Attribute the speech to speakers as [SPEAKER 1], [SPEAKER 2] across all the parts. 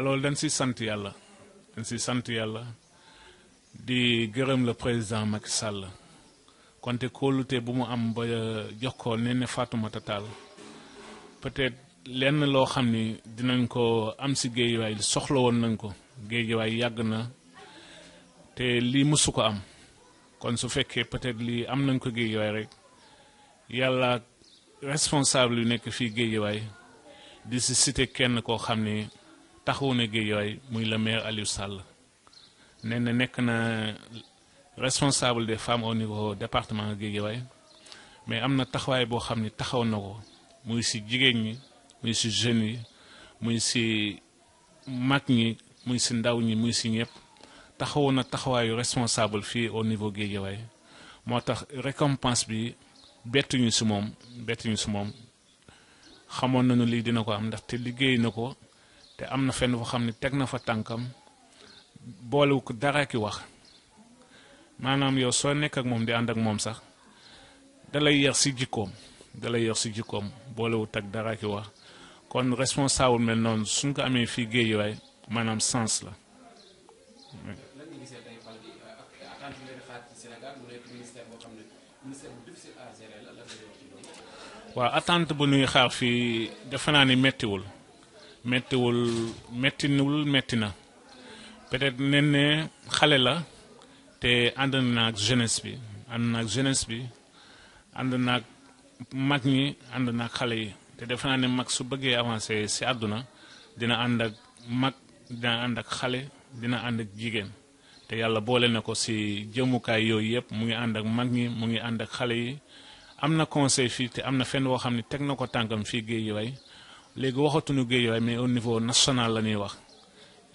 [SPEAKER 1] waaw ah, loolu dañ si sant yàlla dañ si sant yàlla di gërëm le président Macky Sall konte kóolute bu mu am ba euh, jox ko ne ne Fatoumata Tall peut-être lenn loo xam ni dinañ ko am si géejuwaay soxla woon nañ ko géejuwaay yàgg na te lii mësu ko am kon su fekkee peut-être li am nañ ko géejuwaay rek yalla responsable yu nekk fii géejuwaay di si cité kenn ko xamni taxawone na Guédiawaye muy le maire Aliou Sall nee nek na responsable des femmes au niveau département Guédiawaye mais amna taxway bo xamni xam taxaw muy si jigéen ñi muy si jeune yi muy si mak ñi muy si ndaw ñi muy si ñëpp taxawona na responsable fi au niveau Guédiawaye moo tax récompense bi bettuñu si moom bettuñu si mom xamone nañu li dina ko am ndaxte liggéey na te am na fenn foo xam ne teg na fa tànkam boolewu ko dara ki wax maanaam yow soo nekk ak moom di ànd ak moom sax dalay yar si jikkoom dalay yar si jikkoom boolewut ak dara ki wax kon responsable mel noonu suñ ko amee fii géejuwaay maanaam sens la. waaw attente bu nuy xaar fii defe naa ni méttiwul. mettiwul mettiwul metti na peut-être nen ne xale la te ànd na ak jeunesse bi ànd na ak jeunesse bi ànd na ak mag ñi ànd na ak xale yi te def naa ne mag su bëggee avancé si àdduna dina ànd ak mag dina ànd ak xale dina ànd ak jigéen te yàlla boole na ko si jëmukaay yooyu yëpp mu ngi ànd ak mag ñi mu ngi ànd ak xale yi am na conseil fii te am na fenn woo xam ne teg na ko tànkam fii géej gi way léegi waxatuñu Guédiawaye mais au niveau national la ñuy wax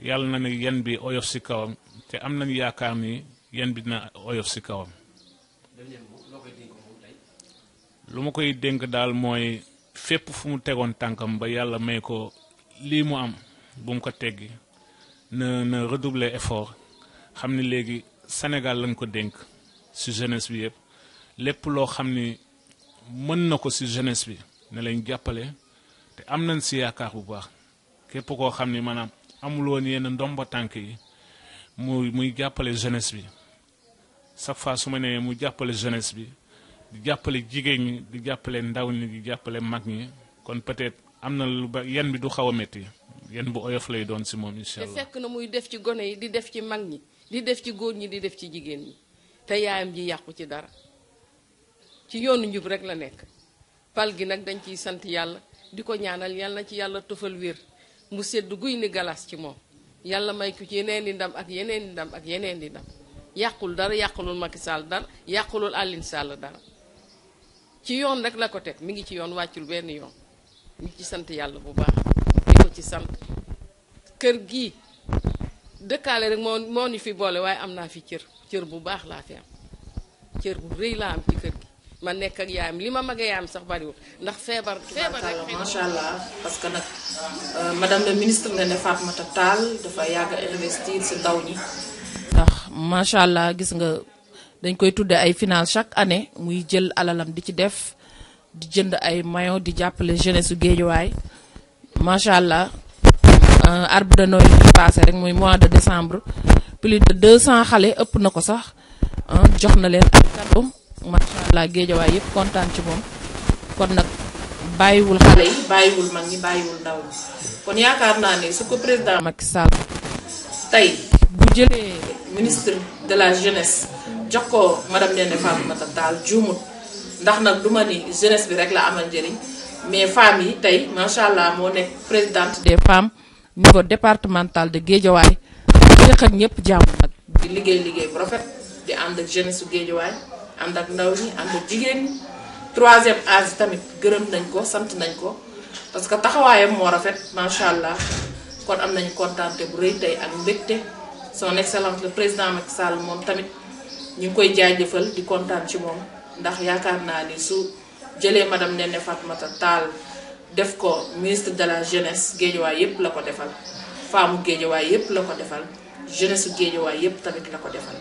[SPEAKER 1] yàlla na ne yan bi oyof si kawam te am nañu yaakaar ni yan bi dina oyof si kawam. lu ma koy dénk daal mooy fépp fu mu tegoon tànkam ba yàlla may ko lii mu am bum ko teggi na na redoubler effort xam ni léegi Sénégal lañ ko dénk si jeunesse bi yëpp lépp loo xam ni mën na ko si jeunesse bi ne lañ jàppale. te am nañ si yaakaar bu baax képp koo xam ni manaam amul woon yenn ndomba tànk yi mu muy jàppale jeunesse bi chaque fois su ma nee mu jàppale jeunesse bi di jàppale jigéen ñi di jàppale ndaw ñi di jàppale mag ñi kon peut-être am na lu ba yan bi du xaw a métti yan bu oyof lay doon si moom incha te fekk
[SPEAKER 2] na muy def ci gone yi di def ci mag ñi di def ci góor ñi di def ci jigéen ñi te yaayam ji yàqu ci dara ci yoonu njub rek la nekk pal gi nag dañ ciy sant yàlla. di ko ñaanal yal na ci yàlla tofal wér mu sedd guy ni galas ci moom yàlla may ko ci yeneen di ndam ak yeneen di ndam ak yeneen di ndam yàqul dara yàqulul Macky Sall dara yàqulul àllin Sall dara ci yoon rek la ko teg mi ngi ci yoon wàccul benn yoon ñu ci sant yàlla bu baax di ko ci sant kër gi dëkkaale rek moo moo ñu fi boole waaye am naa fi cër cër bu baax laa fi am cër bu rëy laa am ci kër ma nekk ak yaayam li ma mag a yaayam sax bariwul ndax feebar. feebar rek macha allah parce que nag euh, madame la ministre nga ne Fatoumata Tall dafa yàgg investir si ndaw ñi. ndax macha allah gis nga dañ koy tuddee ay finance chaque année muy jël alalam di ci def di jënd ay maillot di jàppale jeunesse su Géejawaay macha allah euh, arbre de Noël bi passé rek muy mois de décembre plus de cent xale ëpp na ko sax jox na leen ay cadeau macha allah géejawaay yëpp kontaan ci moom kon nag bàyyiwul xale yi bàyyiwul mag ñi bàyyiwul ndaw ñi kon yaakaar naa ne su ko président Macky Sall tey bu jëlee ministre de la jeunesse jox ko madame Néné Fatoumata Tall juumut ndax nag duma ni jeunesse bi rek la amal njëriñ mais femme yi tey macha allah moo nekk présidente des femmes ko départemental de géejawaay xëq ak ñëpp jàmm nag di liggéey liggéey bu rafet di ànd ak jeunesse su géejawaay ànd ak ndaw ñi ànd ak jigéen ñi troisième âge tamit gërëm nañ ko sant nañ ko parce que taxawaayam moo rafet macha allah kon am nañu kontaante bu rëy tey ak mbégte soo excellence le président Macky Sall moom tamit ñu ngi koy jaajëfal di kontaan ci moom ndax yaakaar naa ni su jëlee ma madame Néné Fatoumata Tall def ko ministre de la jeunesse géejawaay yépp la ko defal faamu géejawaay yépp la ko defal jeunesse su géejawaay yépp tamit la ko defal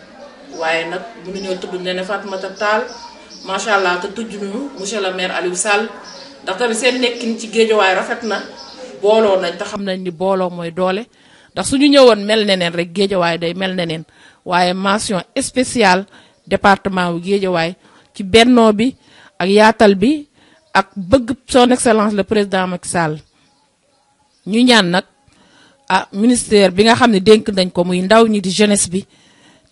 [SPEAKER 2] waaye nag mënuñoo tudd Néné Fatoumata Tall macha allah te tudd ñu monsieur le maire Aliou Sall ndax tamit seen nekkin ci géejawaay rafet na booloo nañ te xam nañ ni booloo mooy doole ndax su ñu ñëwoon mel neneen rek géejawaay day mel neneen waaye mention spéciale département wu géejawaay ci benno bi ak yaatal bi ak bëgg son excellence le président Macky Sall ñu ñaan nag ah ministère bi nga xam ne dénk nañ ko muy ndaw ñi di jeunesse bi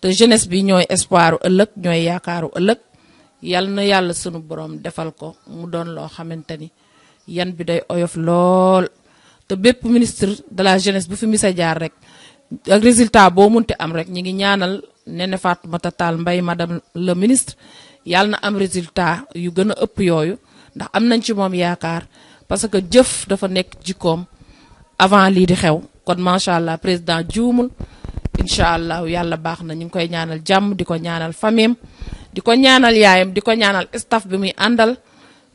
[SPEAKER 2] te jeunesse bi ñooy espoiru ëllëg ñooy yaakaaru ëllëg yal na yàlla sunu borom defal ko mu doon loo xamante ni yan bi day oyof lool te bépp ministre de la jeunesse bu fi mis a jaar rek résultat boo munti am rek ñi ngi ñaanal Néné Fatoumata Tall mbay madame le ministre yàlla na am résultat yu gën a ëpp yooyu ndax am nañ ci moom yaakaar parce que jëf dafa nekk jikkoom avant lii di xew kon macha allah président juumul incha allah yàlla baax na ñu ngi koy ñaanal di ñaanal famim di ko ñaanal yaayam di ñaanal staff bi muy àndal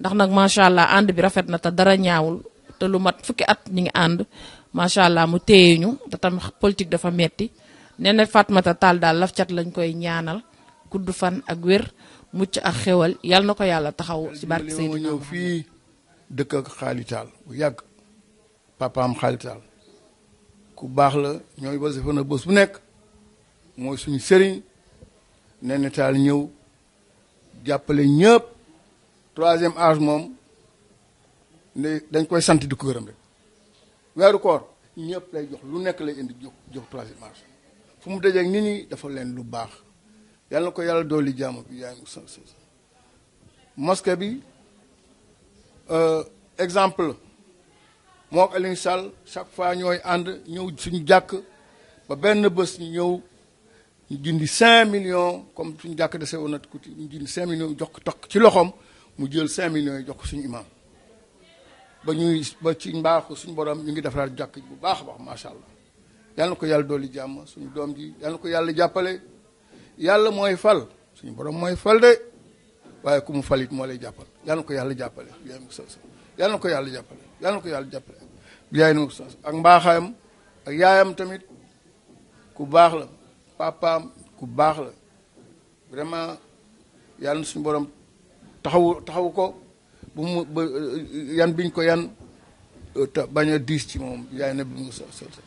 [SPEAKER 2] ndax nag macha allah bi rafet na te dara ñaawul te lu mat fukki at ñu ngi ànd macha allah mu téye ñu te tam politique dafa metti nee Fatmata laf lañ koy ñaanal fan ak mucc ak yal na ko taxaw si barke Seydina
[SPEAKER 3] ñëw ak ku baax la ñooy na bu nekk mooy suñu sëriñ nee taal ñëw jàppale ñëpp troisième âge ne dañ koy sant di ko gërëm rek koor ñëpp lay jox lu nekk lay troisième âge fu mu dafa lu ko mosquée euh, exemple moo ko Alioune Sall chaque fois ñooy ànd ñëw suñu jàkk ba benn bés ñëw ñu jindi cinq millions comme suñu jàkk de sewoon na tuuti ñu jindi cinq millions jox ko tokk ci loxoom mu jël cinq millions yi jox ko suñu imam ba ñuy ba ci mbaaxu suñu borom ñu ngi defaraat jàkk bu baax a baax macha allah yal ko yàlla dolli jàmm suñu doom ji yal ko yàlla jàppale yàlla mooy fal suñu borom mooy fal waaye ku mu falit moo lay jàppal yal ko yàlla jàppale yal na ko yàlla jàppale yàlla ko yàlla jàppale yaay ni ma ko saas ak mbaaxam ak yaayam tamit ku baax la papaam ku baax la vraiment yàlla na suñu borom taxawu taxawu ko bu mu yan biñ ko yan euh, te bañ a diis na bi mu sa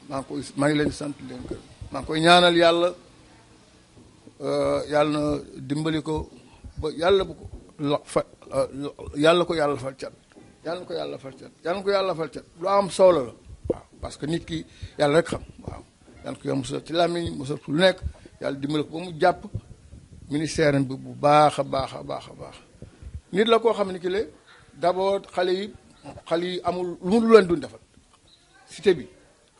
[SPEAKER 3] maa ngi koy maa sant leen kër koy ñaanal yàlla euh, yàlla na dimbali ko ba yàlla bu ko euh, yàlla ko yàlla fal cat yàlla na ko yàlla fal cat yàlla ko yàlla fal cat lu am solo la waaw parce que nit ki yàlla rek xam waaw yàlla na ko ci làmmiñ musal lu nekk yàlla dimbali ko ba mu jàpp ministère bi bu baax a baax a baax a baax nit la koo xam ne ki la d'abord xale yi xale yi amul lu mu leen duñ defal cité bi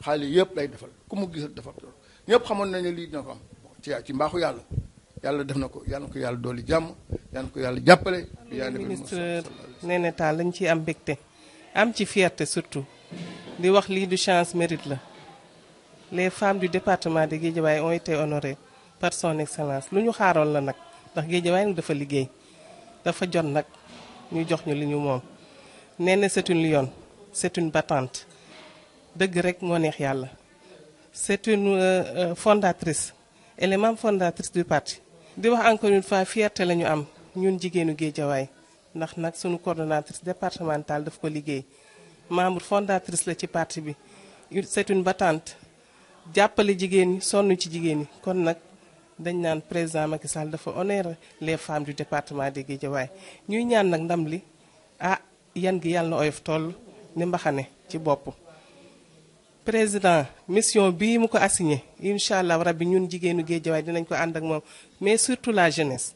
[SPEAKER 3] xale yëpp lay defal ku mu gis defal loolu ñëpp xamoon nañu lii dina ko am ci ci mbaaxu yàlla yàlla def na ko yàlla na yàlla dooli jàmm yàlla jàppale. yàlla ministre
[SPEAKER 4] Néné lañ ciy am mbégte am ci fierté surtout di wax lii du chance mérite la les femmes du département de Guédiawaye ont été honorées par son excellence lu ñu xaaroon la nag ndax Guédiawaye nag dafa liggéey dafa jot nag ñu jox ñu li ñu moom. Néné c'est une lionne c'est une battante dëgg rek moo neex yàlla c'est une euh, euh, fondatrice élément fondatrice du parti di wax encore une fois fierté la ñu am. ñun jigéenu Géejawaay ndax nag sunu coordonnatrice départementale daf ko liggéey membre fondatrice la ci parti bi c'est une battante jàppale jigéen ñi sonn ci jigéen ñi kon nag dañ naan président Macky Sall dafa honorer les femmes du département de Guédiawaye ñuy ñaan nag ndam li ah yan gi yàlla na oyof toll ni mbaxane ci bopp président mission bii mu ko assigné incha allah rabbi ñun jigéenu géejawaay dinañ ko ànd ak moom mais surtout la jeunesse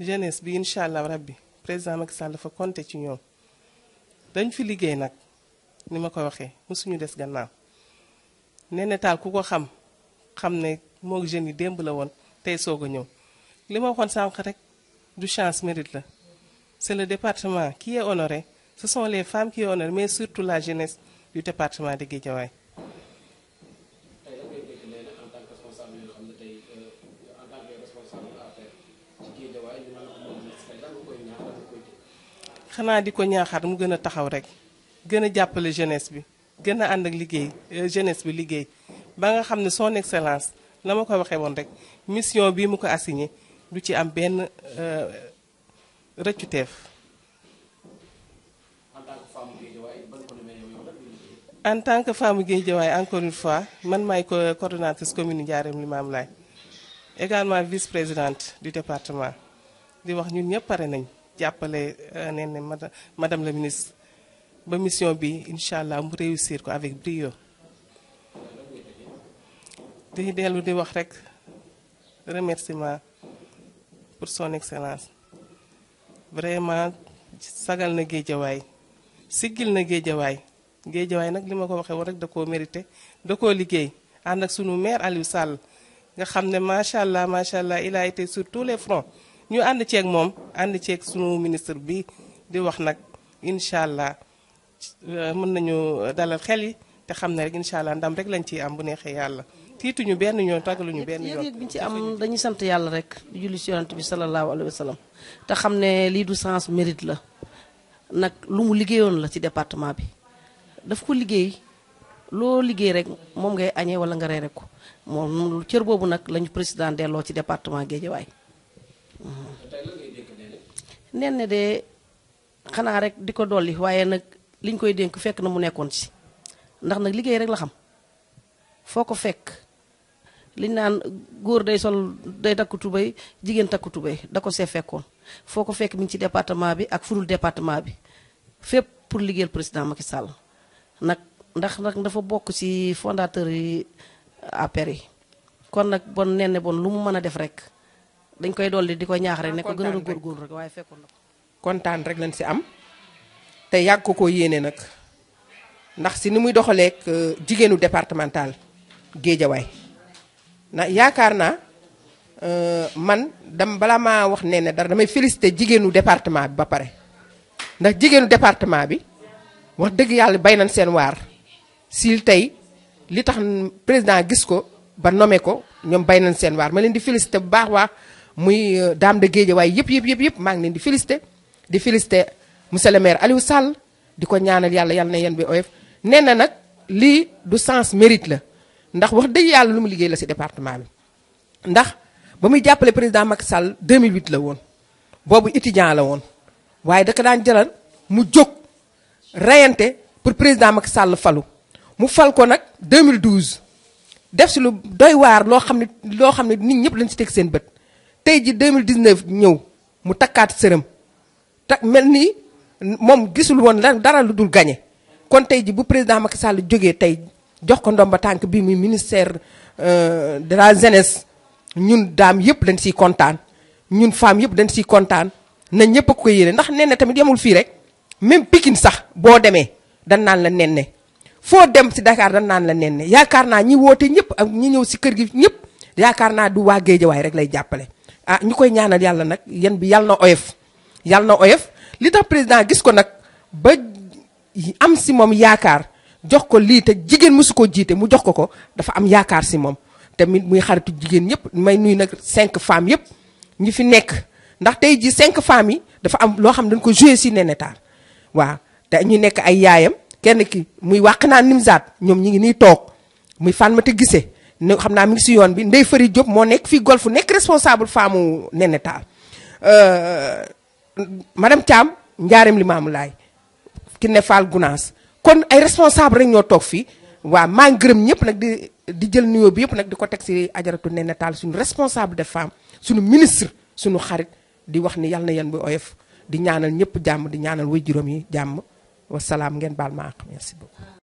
[SPEAKER 4] jeunesse bi incha allah rabbi président Macky Sall dafa compter ci ñoom dañ fi liggéey nag ni ma ko waxee suñu des gannaaw Néné taal ku ko xam xam ne moog jeunes yi démb la woon tey soog a ñëw li ma waxoon sànq rek du chance mérite la c'est le département ki est honoré ce sont les femmes qui est honoré mais surtout la jeunesse du département de Guédiawaye. xanaa di ko ñaaxaat mu gën a taxaw rek gën a jàppale jeunesse bi gën a ànd ak liggéey euh, jeunesse bi liggéey ba nga xam ne son excellence la ma ko waxee woon rek mission bii mu ko assigné du ci am benn euh, rëccuteef. en tant que femme Guédiawaye encore une fois man maay coordonnatrice commune Ndiarème laay également vice-présidente du département di wax ñun ñëpp pare nañ jàppale euh, nee ne madame la ministre ba mission bi incha allah mu réussir ko avec brio di dellu di wax rek remerciement pour son excellence vraiment sagal na géejawaay siggil na géejawaay géejawaay nag li ma ko waxee woon rek da koo mérité da koo liggéey ànd ak sunu maire Aliou Sall nga xam ne macha allah macha allah il a été sur les fronts ñu ànd ceeg moom ànd ceeg sunu ministre bi di wax nag incha allah euh, mën nañu dalal xel yi te xam ne rek incha allah ndam rek lañ ciy am bu neexee yàlla tiituñu benn ñoon tàggaluñu benn yoon yëg bi ñu ci am dañuy sant yàlla rek
[SPEAKER 5] di julli si yonent bi sallallahu alayhi wa sallam te xam ne lii du sens mérite la nag lu mu liggéeyoon la ci département bi daf ko liggéey loo liggey rek mom ngay agné wala nga reere ko mom cër bobu nak lañu président délo ci département Guédiawaye mhm. nen ne de xana rek diko doli wayé nak liñ koy dénk fekk na mu nekkoon ci ndax nak liggey rek la xam so fekk liñ naan góor day sol day takku tubéy jigen takku tubéy da ko see fekkoon foo fekk mi ci département bi ak furul département bi fep pour liguel président Macky Sall nak ndax nak dafa bok ci fondateur yi euh, APR kon nak bon nenne bon lu mu meuna def rek dañ koy dolli di ñaax rek ne ko gënal a góorgóorlu rek waye fekkon nak contane rek lañ ci am te yag ko ko yéene nak ndax si ni muy doxaleeg euh, jigéenu départemental way na yakarna euh man dam bala ma wax nenne dar damay félicité jigenu département bi ba pare ndax jigenu département bi wax deug yalla bay sen war si tey li tax président gis ko ba nommé ko ñoom bay nañ seen waar ma leen di félicité bu baax waa muy euh, Dame de Guédiawaye yëpp yëpp yëpp yëpp maa ngi leen di félicité di félicité monsieur le maire Aliou Sall di ko ñaanal yàlla yàlla na yéen bi oyof nee na nag lii du sens mérite la ndax wax dëgg yàlla lu mu liggéey la si département bi ndax ba muy jàppale président Macky Sall 2008 la woon boobu étudiant la woon waaye da ko daan jëlal mu jóg reyante pour président Macky Sall falu mu fal ko nag 2012 def si lu doy waar loo xam ne loo xam ne nit ñëpp lañ si teg seen bët tey ji 2019 ñëw mu takkaat sërëm tak mel ni moom gisul woon dara lu dul gañe kon tey ji bu président Macky Sall jógee tey jox ko ndomba tànk bi muy ministère euh, de la jeunesse ñun daam yëpp dañ siy kontaan ñun femme yëpp dañ siy kontaan na ñëpp a ko yéene ndax nen ne tamit yemul fii rek même pikin sax boo demee dañ naan la nen foo dem si Dakar dañ naan la nen ne yaakaar naa ñi woote ñëpp ak ñi ñëw si kër gi ñëpp yaakaar naa du waa géejawaay rek lay jàppale ah ñu koy ñaanal yàlla nag yéen bi yàlla na oyof yàlla na oyof li tax président gis ko nag ba am si moom yaakaar jox ko lii te jigéen mosu ko jiite mu jox ko ko dafa am yaakaar si moom tamit muy xaritu jigéen ñëpp may nuyu nag cinq femmes yëpp ñi fi nekk ndax tey ji cinq femmes yi dafa am loo xam dañ ko joué si Néné Tall waaw te ñu nekk ay yaayam kenn ki muy wàq naa nimzaat ñoom ñi ngi nii toog muy ma te Guissé ne xam naa mi ngi si yoon bi ndey Fary Diop moo nekk fii golf nekk responsable femme Néné Tall euh, madame Thiam njaareem li maamu laay ki ne Fall Gounass kon ay responsable rek ñoo toog fii waaw maa ngi gërëm ñëpp nag di di jël nuyoo bi yëpp nag di ko teg si ajaratu Néné Tall suñu responsable de femme suñu ministre suñu xarit di wax ni yàlla na yan bu oyof di ñaanal ñëpp jàmm di ñaanal way juróom jàmm wasalaam ngeen baal ma àq merci